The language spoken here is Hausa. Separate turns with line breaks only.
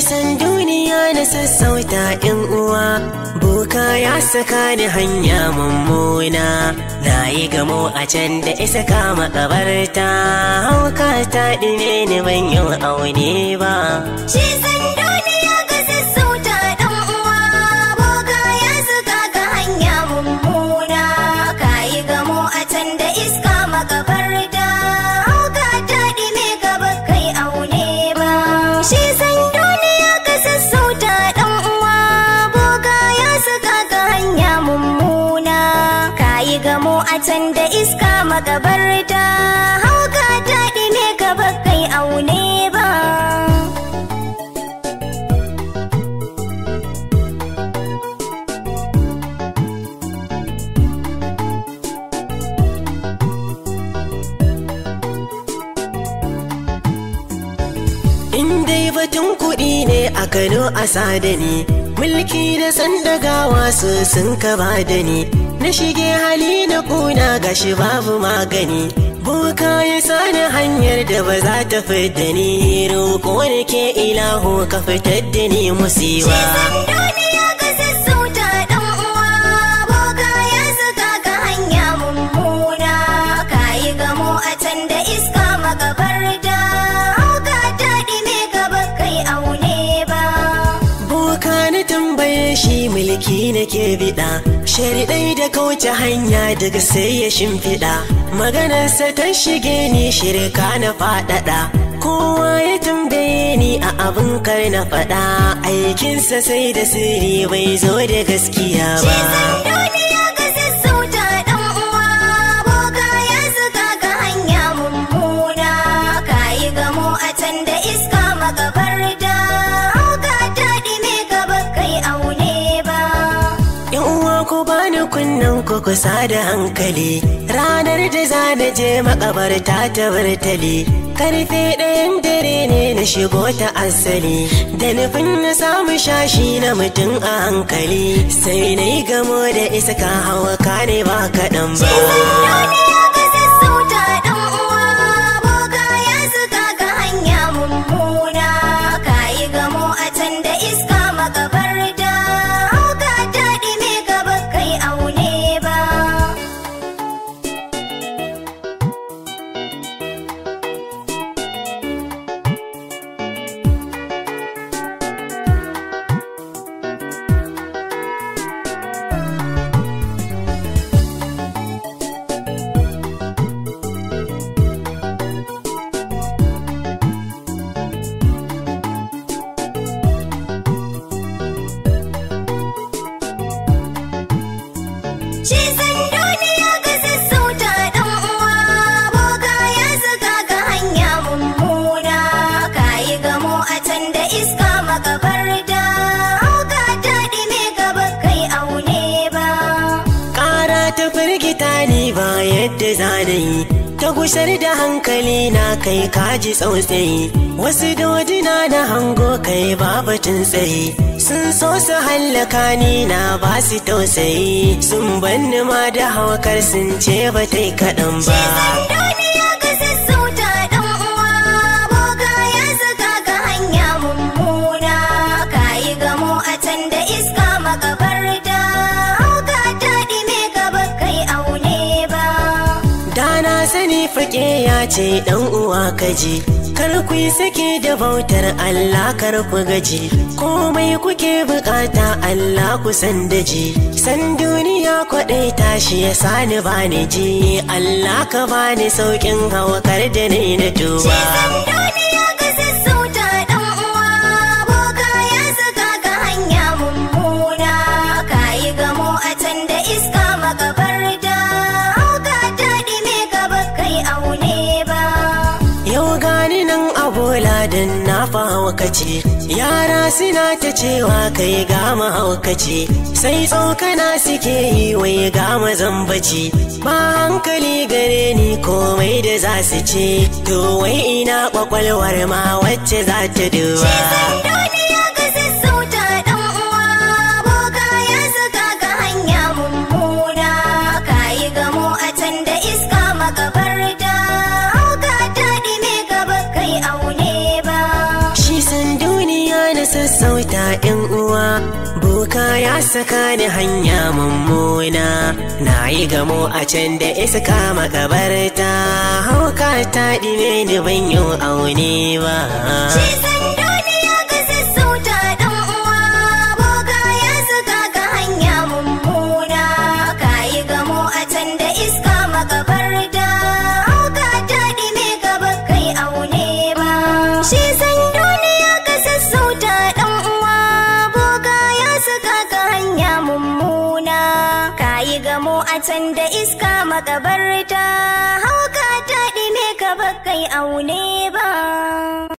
san duniya na sassauta yan uwa boka ya saka ni hanya mummuna na yi gamo a can da isa kama kabarta hauka ta ɗine ni ban yau aune ba
makabarta hauka ta ɗime ka bakai aune ba
In dai batun kuɗi ne a Kano a sada ne mulki da sandagawa su sun kaba da ni na shige hali na kuna shi babu magani boka ya sani hanyar da ba za ta fita ni roƙo da ke ilahu ka fitar da ni musiwa
iska magaba
yake bida
shariɗai
da kauce hanya daga sai ya shimfiɗa maganarsa ta shige ni shirka na faɗaɗa kowa ya tambaye ni a abin kar na faɗa aikinsa sai da sirri bai zo da gaskiya ba ku kusa da hankali ranar da za na je makabarta ta bartali karfe ɗayan dare ne na shigo ta asali da nufin na samu shashi na mutum a hankali sai na yi gamo da iska
hawa ka ne ba kaɗan ba
zanai ta gushar da hankali na kai kaji tsautsayi wasu dodina na hango kai babu tsaye sun so su hallaka ni na ba su tausayi sun banni ma da hawakar sun ce ba ta yi kaɗan ba wani fake ya ce dan uwa kaji kar ku yi sake da bautar Allah kar ku gaji komai kuke bukata Allah ku san daji san duniya kwaɗai tashi ya sani bani ji Allah ka bani saukin hawa kar da ni na duniya din na fahaukaci yara suna ta cewa kai ga mahaukaci sai tsokana suke yi wai ga zambaci ba hankali gare ni komai da za su ce to wai ina kwakwalwar ma wacce za ta duba 'yan uwa boka ya saka ni hanya mummuna na yi gamo a can da iska makabarta hauka ta ɗine ni ban yi aune ba
da iska makabarta hauka ta ɗime ka bakai aune ba